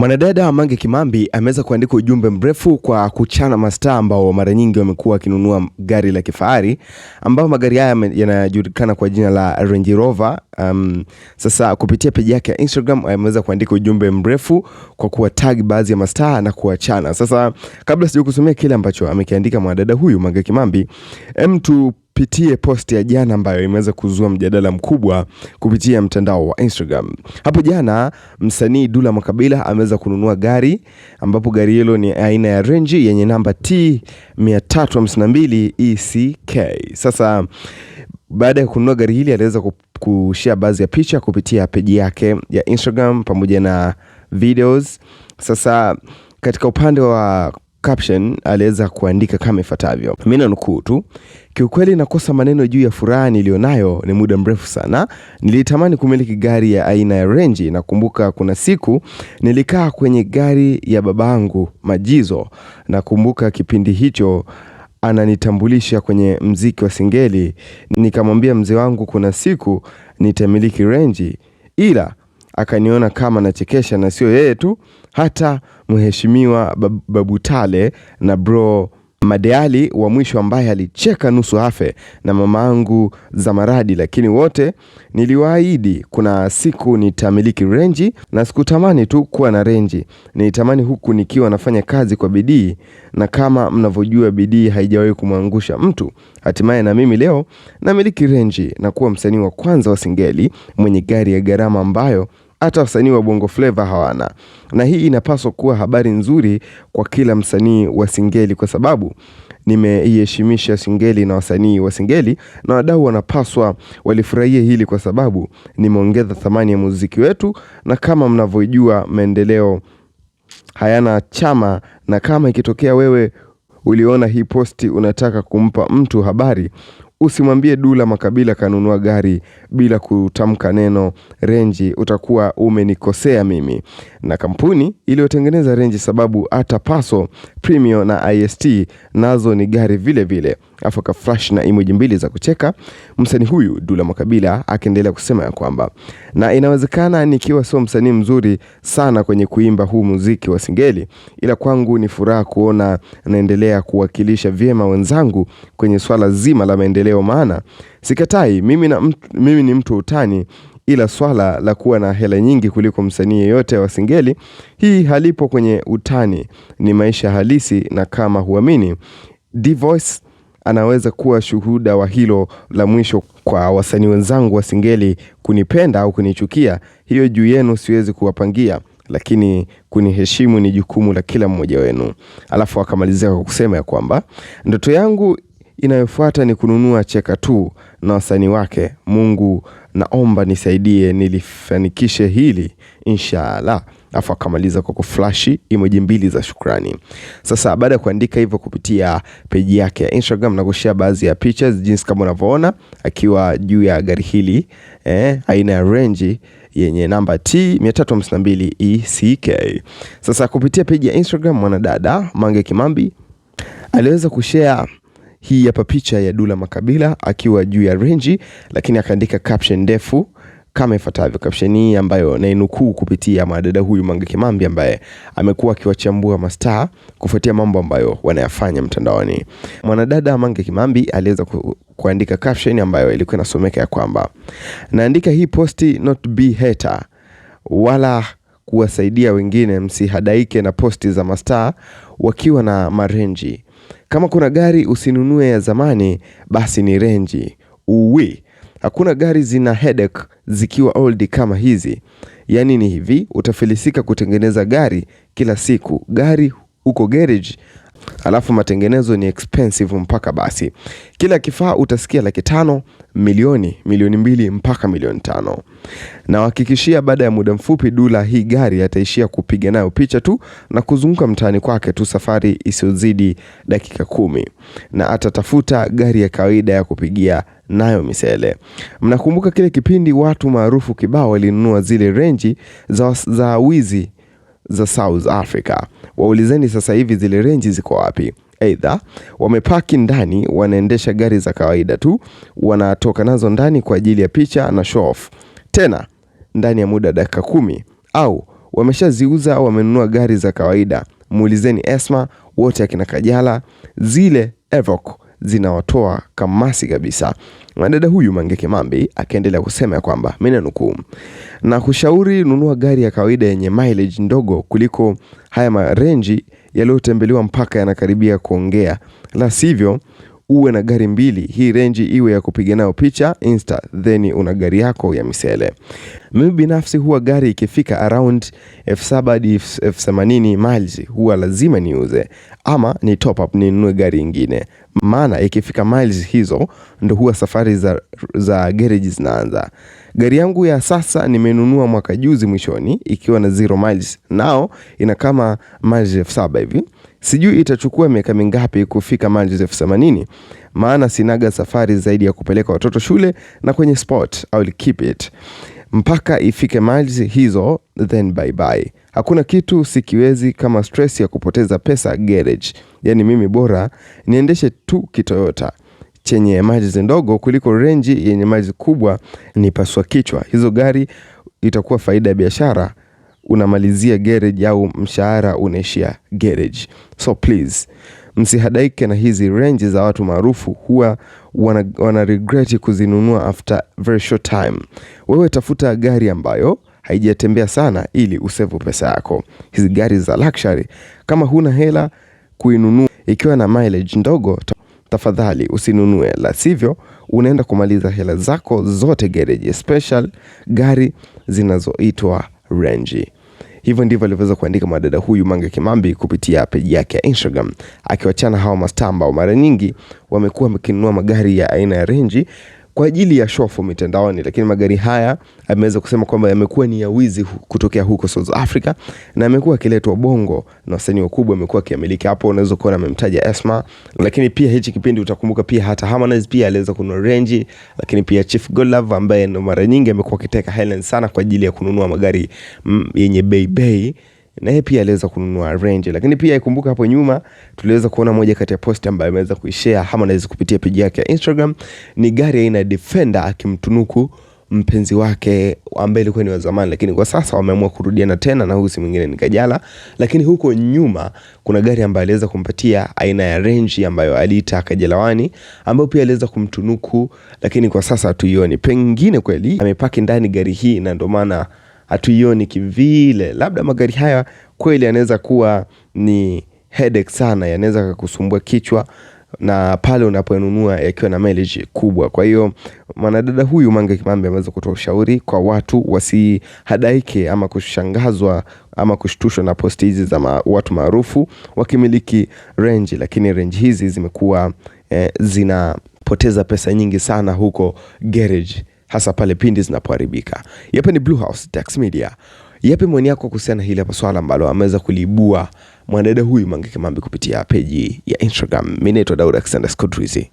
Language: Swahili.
Mwanadada Mange Kimambi ameweza kuandika ujumbe mrefu kwa kuchana mastaa ambao mara nyingi wamekuwa wakinunua gari la kifahari ambao magari haya yanajulikana kwa jina la Range Rover. Um, sasa kupitia peji yake ya Instagram ameweza kuandika ujumbe mrefu kwa kuwatag baadhi ya mastaa na kuwachana. Sasa kabla sijakusomea kusomea kile ambacho amekiandika mwanadada huyu Mange Kimambi, em tu tupitie posti ya jana ambayo imeweza kuzua mjadala mkubwa kupitia mtandao wa Instagram. Hapo jana msanii Dula Makabila ameweza kununua gari ambapo gari hilo ni aina ya Range yenye namba T 352 ECK. Sasa baada ya kununua gari hili aliweza kushare baadhi ya picha kupitia peji yake ya Instagram pamoja na videos. Sasa katika upande wa caption aliweza kuandika kama ifuatavyo, mimi nanukuu tu: kiukweli nakosa maneno juu ya furaha niliyonayo, ni muda mrefu sana nilitamani kumiliki gari ya aina ya Range. Nakumbuka kuna siku nilikaa kwenye gari ya babangu Majizo, nakumbuka kipindi hicho ananitambulisha kwenye mziki wa singeli, nikamwambia mzee wangu kuna siku nitamiliki Range ila akaniona kama nachekesha na sio yeye tu, hata mheshimiwa babutale na bro Madeali wa mwisho ambaye alicheka nusu hafe na za maradi lakini wote niliwaahidi kuna siku nitamiliki renji, na sikutamani tu kuwa na renji, nitamani huku nikiwa nafanya kazi kwa bidii, na kama mnavyojua bidii haijawahi kumwangusha mtu. Hatimaye na mimi leo namiliki renji na kuwa msanii wa kwanza wa singeli mwenye gari ya gharama ambayo hata wasanii wa bongo fleva hawana, na hii inapaswa kuwa habari nzuri kwa kila msanii wa singeli, kwa sababu nimeiheshimisha singeli na wasanii wa singeli na wadau wanapaswa walifurahie hili, kwa sababu nimeongeza thamani ya muziki wetu, na kama mnavyojua maendeleo hayana chama, na kama ikitokea wewe uliona hii posti unataka kumpa mtu habari Usimwambie Dula Makabila kanunua gari bila kutamka neno renji, utakuwa umenikosea mimi na kampuni iliyotengeneza renji, sababu hata Paso, Premio na ist nazo ni gari vile vile afu akaflash na emoji mbili za kucheka. Msanii huyu Dula Makabila akaendelea kusema ya kwamba na inawezekana nikiwa sio msanii mzuri sana kwenye kuimba huu muziki wa Singeli, ila kwangu ni furaha kuona naendelea kuwakilisha vyema wenzangu kwenye swala zima la maendeleo, maana sikatai mimi, na mtu, mimi ni mtu utani ila swala la kuwa na hela nyingi kuliko msanii yeyote wa Singeli hii halipo kwenye utani, ni maisha halisi, na kama huamini D Voice anaweza kuwa shuhuda wa hilo la mwisho kwa wasanii wenzangu wa Singeli, kunipenda au kunichukia, hiyo juu yenu, siwezi kuwapangia, lakini kuniheshimu ni jukumu la kila mmoja wenu. Alafu akamalizia kwa kusema ya kwamba ndoto yangu inayofuata ni kununua Cheka tu na wasanii wake. Mungu naomba nisaidie nilifanikishe hili inshallah. Afu akamaliza kwa kuflashi emoji mbili za shukrani. Sasa baada ya kuandika hivyo kupitia peji yake ya Instagram na kushare baadhi ya pictures jinsi kama unavyoona akiwa juu ya gari hili eh, aina ya Range yenye namba T 352 ECK. Sasa kupitia peji ya Instagram mwanadada Mange Kimambi aliweza kushare hii hapa picha ya Dula Makabila akiwa juu ya renji, lakini akaandika caption ndefu kama ifuatavyo. Caption hii ambayo nainukuu kupitia mwanadada huyu Mange Kimambi ambaye amekuwa akiwachambua mastaa kufuatia mambo ambayo wanayafanya mtandaoni. Mwanadada Mange Kimambi aliweza ku, kuandika caption ambayo ilikuwa inasomeka ya kwamba naandika hii posti not be hater wala kuwasaidia wengine, msihadaike na posti za mastaa wakiwa na marenji kama kuna gari usinunue ya zamani, basi ni renji uwi. Hakuna gari zina headache zikiwa old kama hizi. Yaani ni hivi, utafilisika kutengeneza gari kila siku. Gari uko garage alafu matengenezo ni expensive mpaka basi. Kila kifaa utasikia laki tano, milioni, milioni mbili mpaka milioni tano. Nawahakikishia baada ya muda mfupi Dula hii gari ataishia kupiga nayo picha tu na kuzunguka mtaani kwake tu, safari isiyozidi dakika kumi, na atatafuta gari ya kawaida ya kupigia nayo misele. Mnakumbuka kile kipindi watu maarufu kibao walinunua zile renji za, za wizi za South Africa. Waulizeni sasa hivi zile renji ziko wapi? Aidha, wamepaki ndani, wanaendesha gari za kawaida tu, wanatoka nazo ndani kwa ajili ya picha na show off, tena ndani ya muda dakika kumi, au wameshaziuza wamenunua gari za kawaida. Muulizeni Esma, wote akina Kajala, zile Evoque zinawatoa kamasi kabisa. Mwanadada huyu Mange Kimambi akaendelea kusema ya kwamba mimi nanukuu na kushauri nunua gari ya kawaida yenye mileage ndogo kuliko haya marenji yaliyotembelewa mpaka yanakaribia kuongea, la sivyo uwe na gari mbili, hii renji iwe ya kupiga nayo picha insta, then una gari yako ya misele. Mimi binafsi huwa gari ikifika around elfu saba hadi elfu themanini miles huwa lazima niuze ama ni top up ninunue gari ingine, maana ikifika miles hizo ndo huwa safari za, za garage zinaanza. Gari yangu ya sasa nimenunua mwaka juzi mwishoni ikiwa na zero miles, nao ina kama miles elfu saba hivi Sijui itachukua miaka mingapi kufika mileage elfu themanini maana sinaga safari zaidi ya kupeleka watoto shule na kwenye sport. I will keep it mpaka ifike mileage hizo, then bye bye. Hakuna kitu sikiwezi kama stress ya kupoteza pesa garage. Yani mimi bora niendeshe tu kitoyota chenye maji ndogo kuliko renji yenye maji kubwa, ni paswa kichwa. Hizo gari itakuwa faida ya biashara unamalizia garage au mshahara unaishia garage. So please msihadaike na hizi range za watu maarufu, huwa wana, wana regret kuzinunua after very short time. Wewe tafuta gari ambayo haijatembea sana ili usevu pesa yako. Hizi gari za luxury kama huna hela kuinunua ikiwa na mileage ndogo tafadhali usinunue, la sivyo unaenda kumaliza hela zako zote gereji, special gari zinazoitwa renji. Hivyo ndivyo alivyoweza kuandika mwanadada huyu Mange Kimambi kupitia peji yake ya Instagram, akiwachana hawa mastaa ambao mara nyingi wamekuwa wakinunua magari ya aina ya renji kwa ajili ya shofo mitandaoni, lakini magari haya ameweza kusema kwamba yamekuwa ni ya wizi kutokea huko South Africa na amekuwa akiletwa Bongo na wasanii wakubwa amekuwa akiamiliki. Hapo unaweza kuona amemtaja Esma, lakini pia hichi kipindi utakumbuka pia hata Harmonize pia aliweza kununua Range, lakini pia Chief Godlove ambaye ndo mara nyingi amekuwa akiteka Helen sana kwa ajili ya kununua magari mm, yenye bei bei na yeye pia aliweza kununua Range, lakini pia ikumbuka hapo nyuma tuliweza kuona moja kati ya post ambayo ameweza kuishare Harmonize kupitia page yake ya Instagram ni gari aina ya Defender akimtunuku mpenzi wake ambaye ilikuwa ni wa zamani, lakini kwa sasa wameamua kurudiana tena, na huyu si mwingine ni Kajala. Lakini huko nyuma kuna gari ambayo aliweza kumpatia aina ya Range ambayo aliita Kajalawani, ambayo pia aliweza kumtunuku, lakini kwa sasa tuioni, Pengine kweli amepaki ndani gari hii na ndio maana hatuioni kivile. Labda magari haya kweli yanaweza kuwa ni headache sana, yanaweza kukusumbua kichwa na pale unaponunua yakiwa na mileage kubwa. Kwa hiyo mwanadada huyu Mange Kimambi ameweza kutoa ushauri kwa watu wasihadaike ama kushangazwa ama kushtushwa na posti hizi za ma, watu maarufu wakimiliki renji, lakini renji hizi zimekuwa eh, zinapoteza pesa nyingi sana huko garage hasa pale pindi zinapoharibika. Yape ni Blue House Tax Media. Yape maoni yako kuhusiana hili hapa swala ambalo ameweza kuliibua mwanadada huyu Mange Kimambi kupitia peji ya Instagram. Mimi naitwa Daud Alexander Rizzi.